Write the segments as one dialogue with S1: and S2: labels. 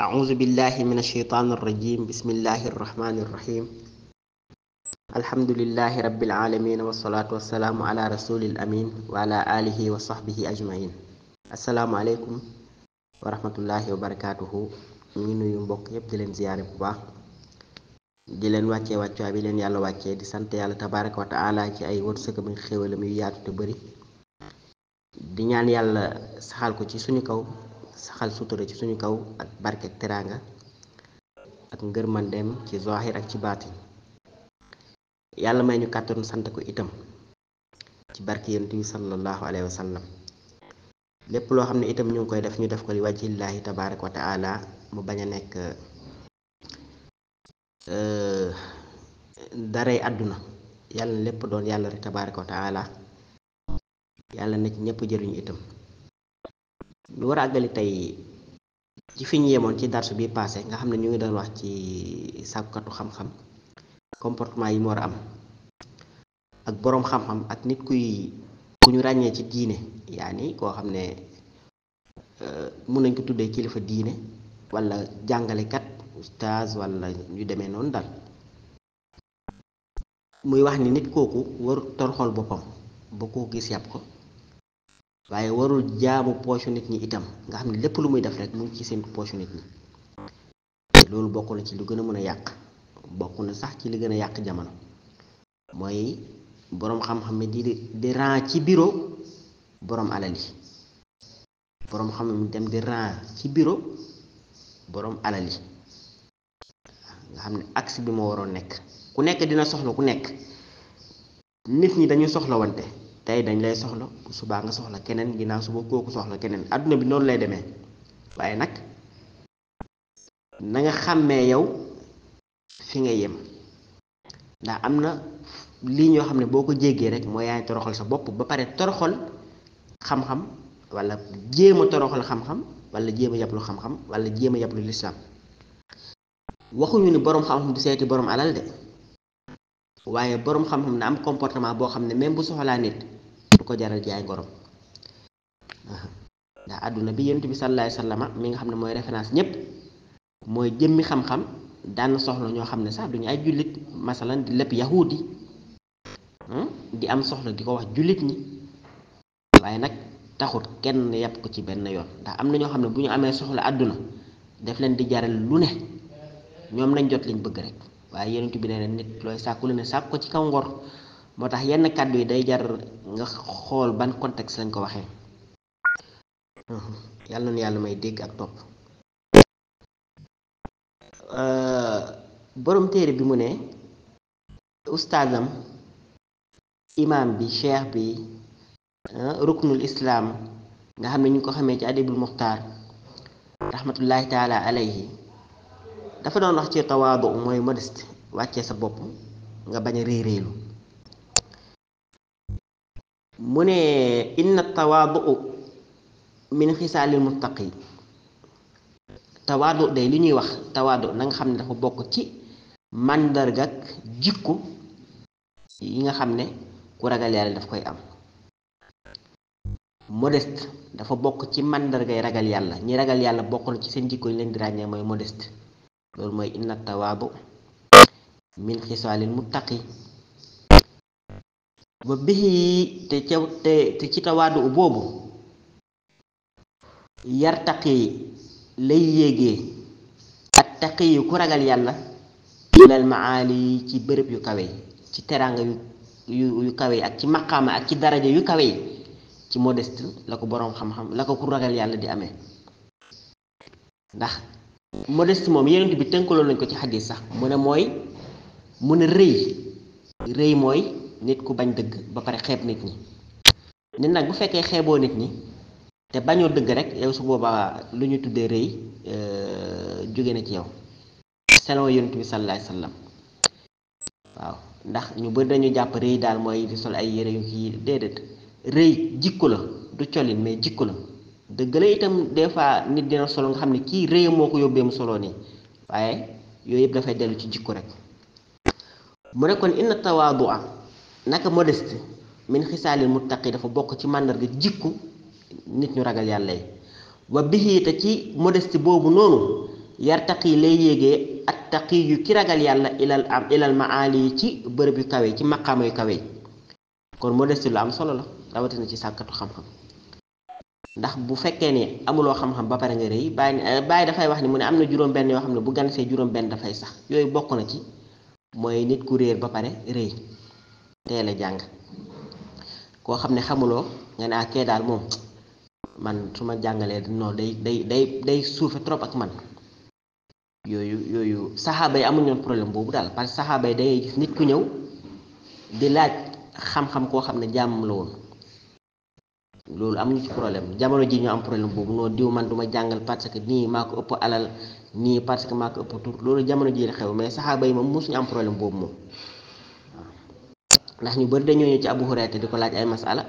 S1: أعوذ بالله من الشيطان الرجيم بسم الله الرحمن الرحيم الحمد لله رب العالمين والصلاة والسلام على رسول الأمين وعلى آله وصحبه أجمعين السلام عليكم ورحمة الله وبركاته ñu ngi nuyu mbokk yépp di leen ziyaare bu baax di leen wàccee wàccuwaay bi leen yàlla wàccee di sant yàlla tabaraka wa taala ci ay wërsëg ak xéwalam yu yaatu te bëri di ñaan yàlla saxal ko ci suñu kaw saxal sutura ci suñu kaw ak barke ak teraanga ak ngërmandeem ci zahir ak ci baat yi yàlla may ñu kàttanu sant ko itam ci barke yonent bi sallallahu alayhi wa lépp loo xam ne itam ñu ngi koy def ñu def ko li wajhillaahi tabaaraka wa taala mu bañ a nekk euh, daray àdduna yàlla lépp doon yàlla rek tabaaraka wa yàlla na ci ñëpp jëriñu itam ñu war a àggali tey ci fi ñu yemoon ci darsu bi passé nga xam ne ñu ngi doon wax ci sàkkukatu xam-xam comportement yi mu war a am ak boroom xam-xam ak nit kuy ku ñu ràññee ci diine yaani koo xam ne euh, mun nañ ko tuddee kilifa diine walla jàngalekat ustaaz walla ñu demee noonu daal muy wax ni nit kooku waru toroxal boppam ba koo gis yàpp ko waaye warul jaamu poche nit ñi itam nga xam ne lépp lu muy def rek mu ngi ci seen poche nit ñi loolu bokk na ci lu gën a mën a yàq bokk na sax ci li gën a yàq jamono mooy boroom xam-xam di di ran ci bureau boroom alal yi boroom xam dem di ci bureau boroom alal yi nga xam ne axe bi moo waroon nekk ku nekk dina soxla ku nekk nit ñi dañu soxla wante tey dañ lay soxla subaa nga soxla keneen ginnaaw suba kooku soxla keneen adduna bi noonu lay demee waaye nag na nga xàmmee yow fi nga yem ndax am na lii ñoo xam ne boo ko jéggee rek mooy yaay toroxal sa bopp ba pare toroxol xam-xam wala jéem a toroxal xam-xam wala jéem a yablu xam-xam wala jéem a yablu lislaam waxuñu ni boroom xam-xam du seeti boroom alal de waaye boroom xam-xam na am comportement boo xam ne même bu soxlaa nit du ko jaral jaay ngorom ndax àdduna bi yonent bi sallallahu alayhi wasallam mi nga xam ne mooy référence ñëpp mooy jëmmi xam-xam daan soxla ñoo xam ne sax duñu ay jullit masalan di lépp yahudi hmm, di am soxla di ko wax jullit ñi waaye nag taxut kenn yàpp ko ci benn yoon ndax am na ñoo xam ne bu ñu amee soxla àdduna def leen di jaral lu ne ñoom lañ jot lañ bëgg rek waaye yonent bi ne na nit looy sàkku lu ne sàkk ko ci kaw ngor moo tax yenn kàddu yi day jar nga xool ban contexte lañ ko waxee mhm. yàlla na yàlla may dégg ak topp borom téere bi mu ne ustaazam imam bi cheikh bi ruknul islam nga xam ne ñu ko xamee ci adibul rahmatullahi taala alayhi dafa doon wax ci tawaadu modest. modeste wàccee sa bopp nga bañ mu ne inna tawaadu min xisaalil muttaqi tawaado day li ñuy wax tawaado nanga xam ne dafa bokk ci màndargak jikko yi nga xam ne ku ragal yàlla daf koy am modeste dafa bokk ci màndargay ragal yàlla ñi ragal yàlla bokk na ci seen jikko yi leen di ràññee mooy modeste loolu mooy inna tawaadu min xisaalil muttaqi wa bihi te ca te ci tawaadu boobu yartaqi lay yéegee ak taq yu ku ragal yàlla ilal maali ci bërëb yu kawe ci teraanga yu yu yu kawe ak ci maqaama ak ci daraja yu kawe ci modest la ko boroom xam-xam la ko ku ragal yàlla di amee ndax modeste moom yenent bi tënkaloo lañ ko ci xadis sax mu ne mooy mu ne rëy rëy mooy nit ku bañ dëgg ba pare xeeb nit ñi nit nag bu fekkee xeeboo nit ñi te bañoo dëgg rek yow su boobaa lu ñu tuddee rëy euh, jóge na ci yow selon yonent bi sallallahu alayhi waaw ndax ñu bari dañu jàpp rëy daal mooy di sol ay yére yu kii déedéet rëy jikko la du colin mais jikku la dëgg la itam des fois nit dina solo nga xam ne kii rëy moo ko yóbbee mu solo nii waaye yooyu yëpp dafay dellu ci jikko rek mu ne kon inna tawaadu naka modeste min mu muttaqi dafa bokk ci màndarga jikku nit ñu ragal yàlla yi wa bihi te ci modeste boobu noonu yartaqi lay yéegee at taqi yu ki ragal yàlla ilal am ilal maali yi ci bërëb yu kawe ci maqaama yu kawe kon modeste lu am solo la rawatina ci sàkkatu xam-xam ndax bu fekkee ne amuloo xam-xam ba pare nga rëy bàyyi eh, bàyyi dafay wax ni mu ne am na juróom-benn yoo xam ne bu gan see juróom-benn dafay sax yooyu bokk na ci mooy nit ku réer ba pare rëy teel a jàng koo xam ne xamuloo nga ne ak ah, daal moom man su ma jàngalee non day day day day suufe trop ak man yooyu yooyu saxaaba yi amul ñoon problème boobu daal parce que saxaaba yi dangay gis nit ku ñëw di laaj xam-xam koo xam ne jàmm la woon loolu amuñu ci problème jamono ji ñu am problème boobu noo diw man duma jàngal parce que nii maa ko ëpp alal nii parce que maa ko ëpp tur loolu jamono ji la xew mais saxaaba yi moom mosuñu am problème boobu moom ndax ñu bari dañoo ñëw ci abu hurayra di ko laaj ay masala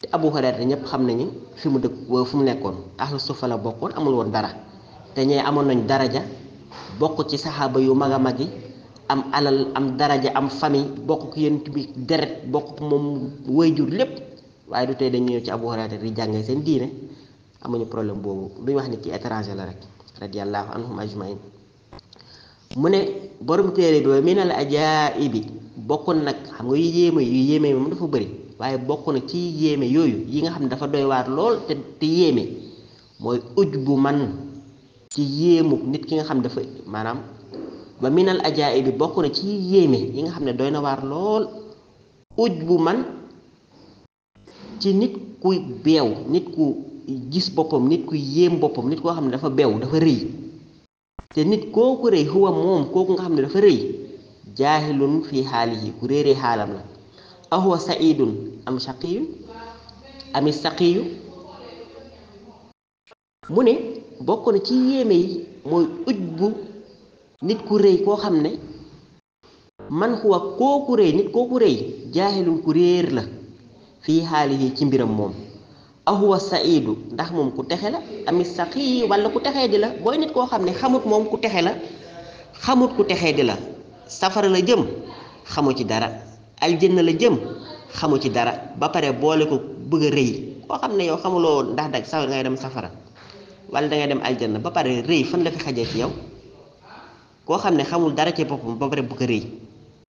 S1: te abu hurayra ñëpp xam nañu fi mu dëkk fu mu nekkoon ahlu sufa la bokkoon amul woon dara te ñee amoon nañ daraja bokk ci saxaaba yu mag a am alal am daraja am famille bokk ko yent bi deret bokk moom wayjur lépp waaye du tey dañu ñëw ci abu hurayra di jàngee seen diine amuñu problème boobu duñ wax ni ci étranger la rek radiallahu anhum ajmain mu ne borom téere bi wa minal ajaibi bokk nag xam nga yu yéeme yu yéeme moom dafa bëri waaye bokk na ci yéeme yooyu yi nga xam ne dafa doy waar lool te te yéeme mooy uj bu man ci yéemu nit ki nga xam dafa maanaam ba minal ajaay bi bokk na ci yéeme yi nga xam ne doy na waar lool uj bu man ci nit ku beew nit ku gis boppam nit ku yéem boppam nit koo xam ne dafa beew dafa rëy te nit kooku rëy huwa moom kooku nga xam ne dafa rëy jaahilun fi xaalihi ku réeree xaalam la ahuwa saidun am shaqiyu ami saqiyu mu ne bokk na ci yéeme yi mooy uj bu nit ku rëy koo xam ne man xuwa kooku rëy nit kooku rëy jaahilun ku réer la fii yi ci mbiram moom ahuwa saidu ndax moom ku texe la ami saqi wala ku texee di la booy nit koo xam ne xamut moom ku texe la xamut ku texee di la safara la jëm xamu ci dara aljanna la jëm xamu ci dara ba pare boole ko bëgg a rëy koo xam ne yow xamuloo ndax daj safara ngay dem safara wala dangay dem aljanna ba pare rëy fan la fi xajee yow koo xam ne xamul dara ci boppam ba pare bëgg a rëy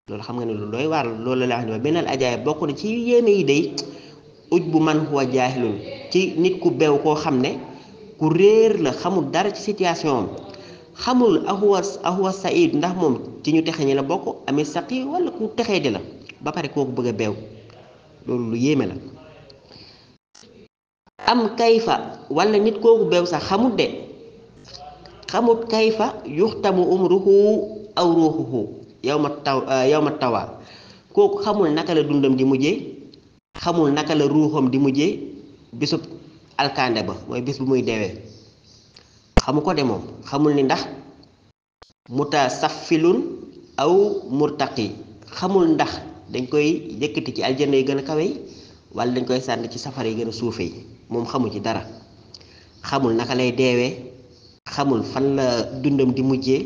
S1: loolu xam nga ne lu doy waar loolu la beneen ajaayib bokk na ci yéeme yi day uj bu man huwa jaahilun ci nit ku beew koo xam ne ku réer la xamul dara ci situation am xamul ahuwa ahuwa saïd ndax moom ci ñu texe ñi la bokk amee saqi wala ku texee di la ba pare kooku bëgg a beew loolu lu yéeme la am kayfa walla nit kooku beew sax xamut de xamut kayfa yuxtamu umruhu aw ruuxuhu yow ma taw euh, yow ma tawaa kooku xamul naka la dundam di mujjee xamul naka la ruuxam di mujjee bisub alkaande ba mooy bis bu muy deewee xamu ko moom xamul ni ndax saf mutasafilun aw murtaqi xamul ndax dañ koy yëkkati ci aljanna yi gën a kawe yi wala dañ koy sànni ci safara yi gën a suufe yi moom xamu ci dara xamul naka lay deewee xamul fan la dundam di mujjee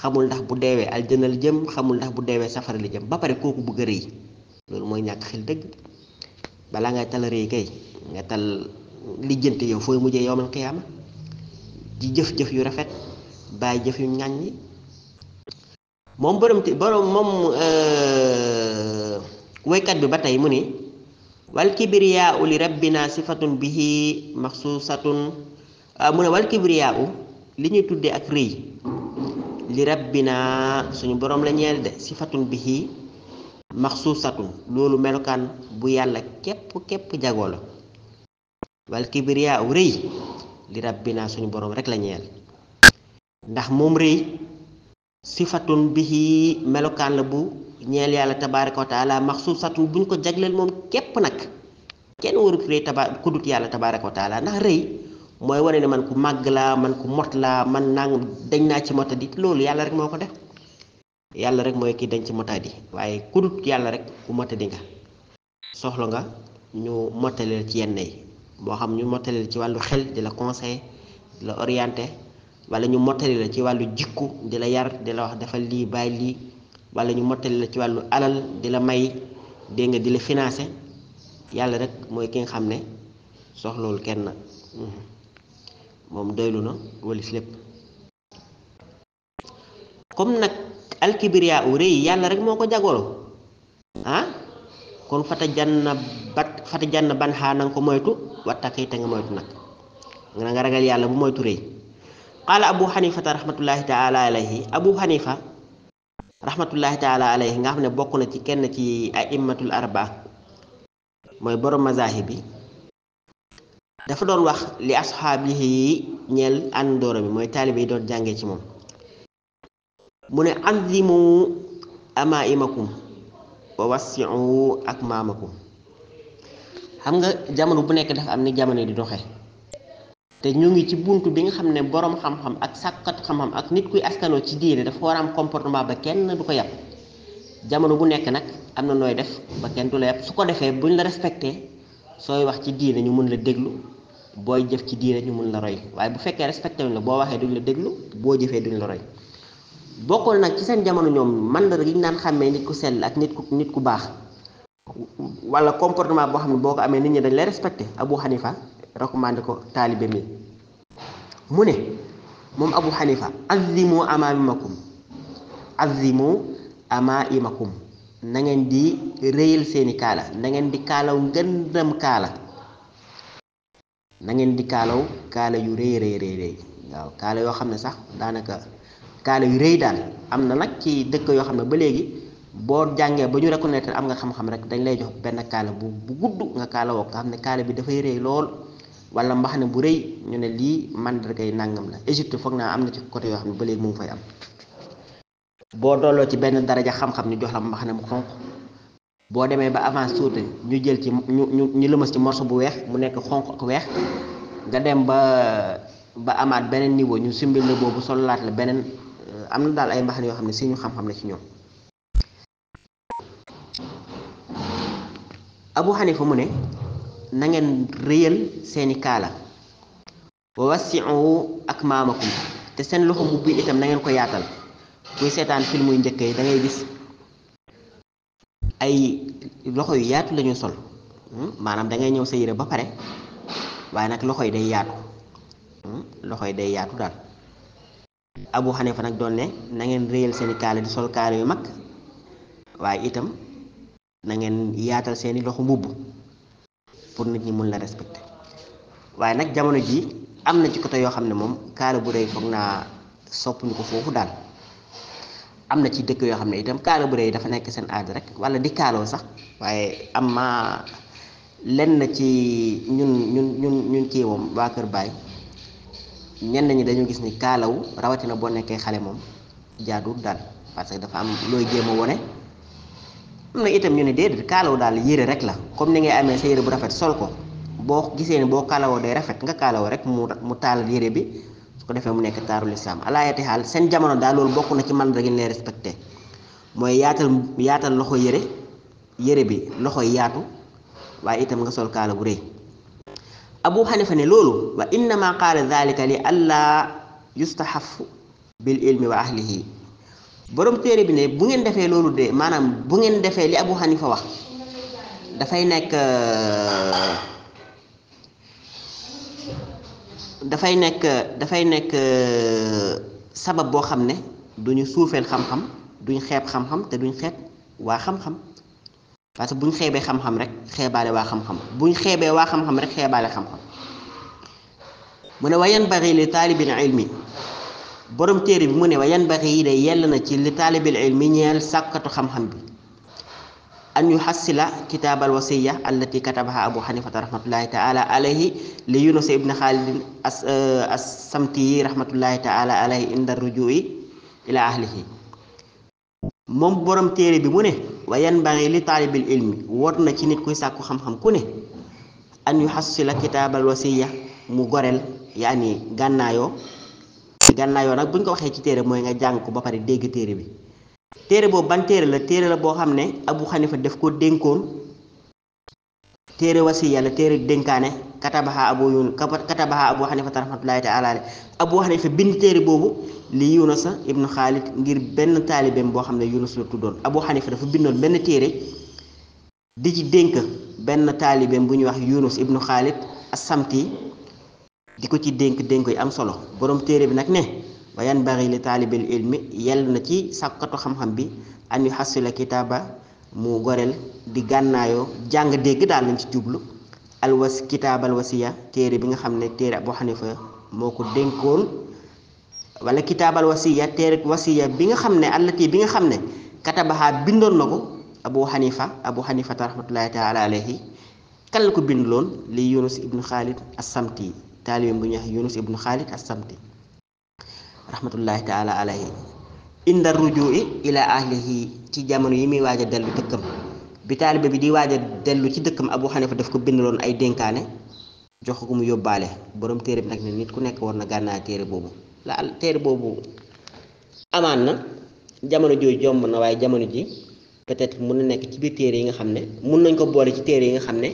S1: xamul ndax bu deewee aljanna la jëm xamul ndax bu deewee safara la jëm ba pare kooku bëgg a rëy loolu mooy ñàkk xel dëgg balaa ngay tal rëy kay nga tal lijjante yow fooy mujjee yowmal qiyaama di jëf jëf yu rafet bàyyi jëf yu ñàññi moom borom ti borom moom euh, waykat bi ba tey mu ni wal li rabbina sifatun bihi maxsuusatun satun. Ah, ne wal kibriyaau li ñuy tuddee ak rëy li rabbina suñu borom la ñeel de sifatun bihi maxsuusatun loolu melukaan bu yàlla képp képp jagoo la wal kibriyaau rëy li rabbina suñu borom rek la ñeel ndax sifatun bihi melokan la bu ñeel yàlla tabaraka wa taala maxsusatu buñ ko jagleel moom képp nag kenn warut taba kudut yàlla tabaraka wa taala ndax rëy mooy wane ne man ku màgg laa man ku mot laa man nangam dañ naa ci mota di loolu yàlla rek moo ko def rek mooy kii dañ ci mota di waaye rek ku mota di nga soxla nga ñu motaleel ci yenn moo xam ñu mottali la ci wàllu xel di la conseil di la orienté ñu mottali la ci wàllu jikku di yar di la wax defal lii bàyyi lii wala ñu mottali la ci wàllu alal di la may dénga nga di la financé yàlla rek mooy ki xam ne soxlawul kenn nag hmm. moom doylu na walis lépp comme nag alkibriya u rëy yàlla rek moo ko jagoro ah kon fata janna bat fata janna nanga ko moytu wattaka te nga moytu nag nga nga ragal yàlla bu moytu rëy qaala abu xanifata rahmatullahi taala alayhi abu xanifa rahmatullahi taala nga xam ne bokk na ci kenn ci ay immatul arba mooy borom mazahibi dafa doon wax li asxaabihi ñeel àndooro bi mooy taalibe yi doon jàngee ci moom mu ne anzimu amaimakum wa wassiu ak maamakum xam nga jamono bu nekk dafa am ni jamono di doxe te ñu ngi ci buntu bi nga xam ne boroom xam-xam ak sàkkat xam-xam ak nit kuy askanoo ci diine dafa war am comportement ba kenn du ko yàpp jamono bu nekk nag am na nooy def ba kenn du la yàpp su ko defee buñ la respecté sooy wax ci diine ñu mun la déglu booy jëf ci diine ñu mun la roy waaye bu fekkee respecté wuñ la boo waxee duñ la déglu boo jëfee duñ la roy bokkul nag ci seen jamono ñoom mandar gi ñu daan xàmmee nit ku sell ak nit ku nit ku baax wala comportement boo xam ne boo ko amee nit ñi dañ lay respecté Abu Hanifa recommandé ko taalibe mi mu ne moom Abu Hanifa azimu amaamimakum azimu amaamimakum na ngeen di réyal seeni kaala na ngeen di kaalaw ngëndam kaala na ngeen di kaalaw kaala yu rëy rëy rëy waaw kaala yoo xam ne sax daanaka kaala yu rëy daal am na nag ci dëkk yoo xam ne ba léegi boo jàngee ba ñu reconnaître am nga xam-xam rek dañ lay jox benn kaala bu bu gudd nga kaala woo nga xam ne kaala bi dafay rëy lool wala mbaxane bu rëy ñu ne lii mandargay nàngam la Égypte foog naa am na ci côté yoo xam ne ba léegi mu ngi fay am boo dolloo ci benn daraja xam-xam ñu jox la mbaxane mu xonq boo demee ba avance tuuti ñu jël ci ñu ñu ñu lëmas ci morceau bu weex mu nekk xonq ak weex nga dem ba ba amaat beneen niveau ñu simbil la boobu sololaat la beneen am na daal ay mbaxane yoo xam ne suñu xam-xam la ci ñoom abu xanifa mu ne na ngeen réyal seeni kaala wa wasiu ak maamakum te seen loxo mu biir itam na ngeen ko yaatal kuy seetaan film yu njëkk yi da ngay gis ay loxo yu yaatu lañu sol hmm? maanaam dangay ñëw sa yére ba pare waaye nag loxo yi day yaatu hmm? loxo yi day yaatu daal abu fa nag doon ne nangeen ngeen réyal seeni kaala di sol kaala yu mag waaye itam na ngeen yaatal seeni loxo mbubb pour nit ñi mun la respecter waaye nag jamono ji am na ci côté yoo xam ne moom kaala bu rëy foog naa sopp ko foofu daal am na ci dëkk yoo xam ne itam kaala bu rëy dafa nekk seen aada rek wala di kaaloo sax waaye am ma lenn ci ñun ñun ñun ñun kii moom waa Kër Baay ñenn ñi dañu gis ni kaalawu rawatina boo nekkee xale moom jaaduwul daal parce que dafa am looy jéem a wone am na itam ñu ne déedéet kaalawu daal yére rek la comme ni ngay amee sa yére bu rafet sol ko boo gisee ni boo kalawoo dee rafet nga kaalawoo rek mu mu taal yére bi su ko defee mu nekk taaru lislaam alaayati xaal seen jamono daal loolu bokk na ci man rek ñu lay respecté mooy yaatal yaatal loxo yére yére bi loxo yaatu waaye itam nga sol kaala bu rëy. abu hanifa ne loolu wa innama qaala dalika li allah yustahafu bil ilmi wa ahlihi borom téere bi ne bu ngeen defee loolu de maanaam bu ngeen defee li abu hanifa wax dafay nekk dafay nekk dafay nekk sabab boo xam ne duñu suufeel xam-xam duñ xeeb xam-xam te duñ xeeb waa xam-xam parce que bu ñu xam-xam rek xébalé wa xam-xam buñ xébé wa xam-xam rek xébalé xam-xam mune ne baghi li taalibil ilmi borom téré bi mune ne baghi yanbaghi yi day yell na ci li talibil ilmi neel sakatu sàkkatu xam-xam bi an yuhassila kitaabal wasiya allati katabaha abu hanifa rahmatullahi taala alayhi li yunus ibn khalid as samti rahmatullahi taala alayhi inda rujui ila ahlihi moom borom téere bi mu ne wa yanbaghi li taalibil ilmi wot na ci nit kuy sàkku xam-xam ku ne an ci xasila kitaabal wasiya mu goreel yaani gànnaayoo gànnaayoo nag buñ ko waxee ci téere mooy nga jàng ko ba pare dégg téere bi téere boobu ban téere la téere la boo xam ne Abu Xanifa def ko dénkoon téere wasiya la téere dénkaane katabaha abu yun katabaha abu xanifata rahmatullahi taala ale abu xanifa bind téere boobu li yunusa ibnu xaalid ngir benn taalibeem boo xam ne yunus la tuddoon abu xanifa dafa bindoon benn téere di ci dénk benn taalibeem bu ñuy wax yunus ibnu xaalid asamti di ko ci dénk dénk yi am solo borom téere bi nag ne wa yan bari li taalibil ilmi yell na ci sàkkatu xam-xam bi an yu xasula kitaaba mu gorel di gànnaayoo jàng dégg daal lañ ci jublu alwas kitaab alwasiya téere bi nga xam ne téere abu xanifa moo ko dénkoon wala kitaab alwasiya téere wasiya bi nga xam ne allati bi nga xam ne katabaha bindoon na ko abu xanifa abu xanifa rahmatullahi taala alayhi kan la ko bindloon li yunus ibnu xaalid asamti taalibeem bu ñuy wax yunus ibnu xaalid asamti rahmatullahi taala alayhi inda rujui ila ahlihi ci jamono yi muy waaja a dellu dëkkam bi taalibe bi di waaja dellu ci dëkkam Abu Xanifa daf ko bind loon ay dénkaane jox ko mu yóbbaale boroom téere bi nag ne nit ku nekk war na gànnaar téere boobu la téere boobu amaan na jamono jooy jomb na waaye jamono ji peut-être mun na nekk ci biir téere yi nga xam ne mun nañ ko boole ci téere yi nga xam ne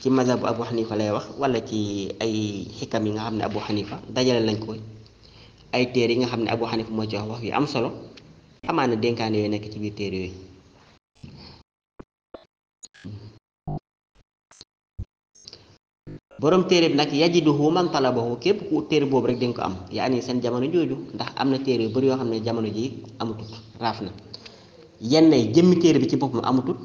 S1: ci mazhabu Abu Xanifa lay wax wala ci ay xikam yi nga xam ne Abu Xanifa dajale nañ ko ay téere yi nga xam ne Abu Xanifa moo ci wax wax yu am solo amaana dénkaan yooyu nekk ci biir téer yooyu borom téere bi nag yajiduhu man talabahu képp ku téere boobu rek di nga ko am yaa ni seen jamono jooju ndax am na téere yu bari yoo xam ne jamono ji amutut raaf na yenn yi jëmmi téere bi ci boppam amutut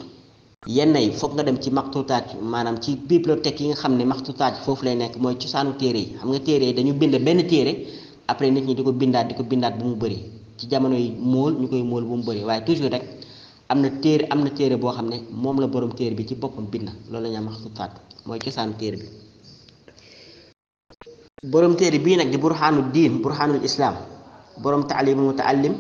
S1: yenn yi foog nga dem ci maxtutaat maanaam ci bibliothèque yi nga xam ne maxtu maxtutaat foofu lay nekk mooy cosaanu téere yi xam nga téere yi dañu bind benn téere après nit ñi di ko bindaat di ko bindaat bu mu ci jamono yi ñu koy mool bu mu bëri waaye toujours rek am na téer am na téere boo xam ne moom la boroom téere bi ci boppam bind loolu la ñu am xasutaat mooy cosaanu téere bi boroom téere bii nag di burxaanu diin burxaanul islaam borom taalim mu taalim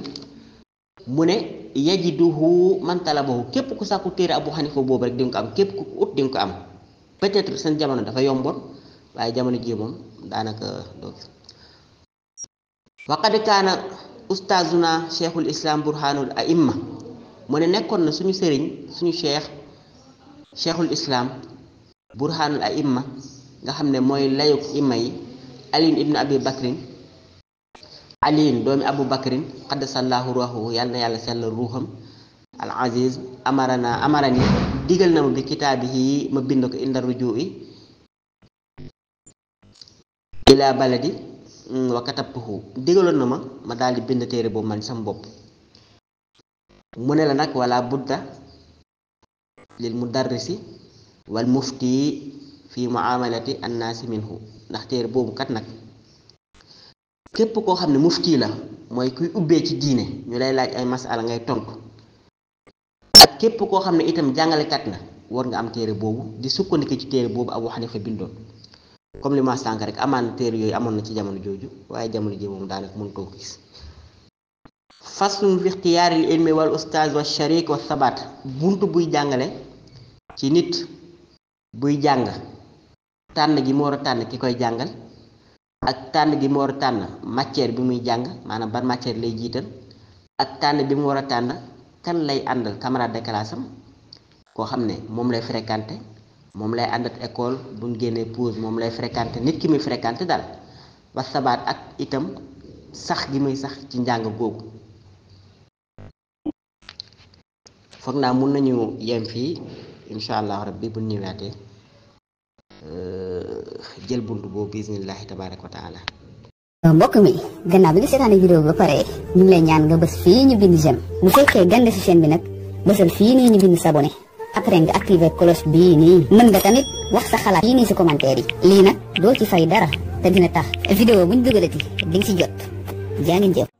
S1: mu ne yajiduhu man talabahu képp ku sàkku téere abu xanifa boobu rek di nga ko am képp ku ut di ko am peut seen jamono dafa yomboon waaye jamono jii moom daanaka doo kaana ustazuna cheikhul islam burhanul aimma mu ne nekkoon na suñu sëriñ suñu cheikh cheikhul islaam burhanul aimma nga xam ne mooy layuk imma yi aliin ibnu abi bakrin aliin doomi abu bakrin xaddasallahu ruuxu yàlla na yàlla sellal ruuxam al aziz amarana amarani digal na ma bi kitaabi yi ma bind ko indar rujuu yi baladi Mm, wa katabtuhu digaloon na ma ma daal di bind téere boobu man sama bopp mu ne la nag wala budda lil mudarrisi wal mufti fi muamalati annaasi minhu ndax téere boobu kat nag képp koo xam ne mufti la mooy kuy ubbee ci diine ñu lay laaj ay masala ngay tontu ak képp koo xam ne itam jàngalekat na war nga am téere boobu di sukkandiku ci téere boobu wax Abu Xanifa bindoon comme li ma sànk rek amaan téer yooyu amoon na ci jamono jooju waaye jamono ji moom daanaka mën koo gis faslun fi ixtiyaaril ilmi wal ustaaz wa sharik wa sabat bunt buy jàngale ci nit buy jàng tànn gi mu war a tànn ki koy jàngal ak tànn gi mu war a tànn matière bi muy jàng maanaam ban matière lay jiital ak tànn bi mu war a tànn kan lay àndal camarade de classe koo xam ne moom lay fréquenté moom lay àndat école buñ génnee pause moom lay fréquenté nit ki muy fréquenté daal wa sabaat ak itam sax gi muy sax ci njàng googu foog naa mun nañu yem fii insha allah rabbi bu ñëwaatee euh, jël bunt boobu bismillahi tabaraka wa taala euh, mbokk mi gannaaw bi nga vidéo ba pare ñu lay ñaan nga ñu bind jëm chaîne bi ñu bind s'abonner après nga activer cloche bii nii nga tamit wax xalaat yii nii si commentaire yi lii nag ci fay dara te dina tax buñ dugalati jot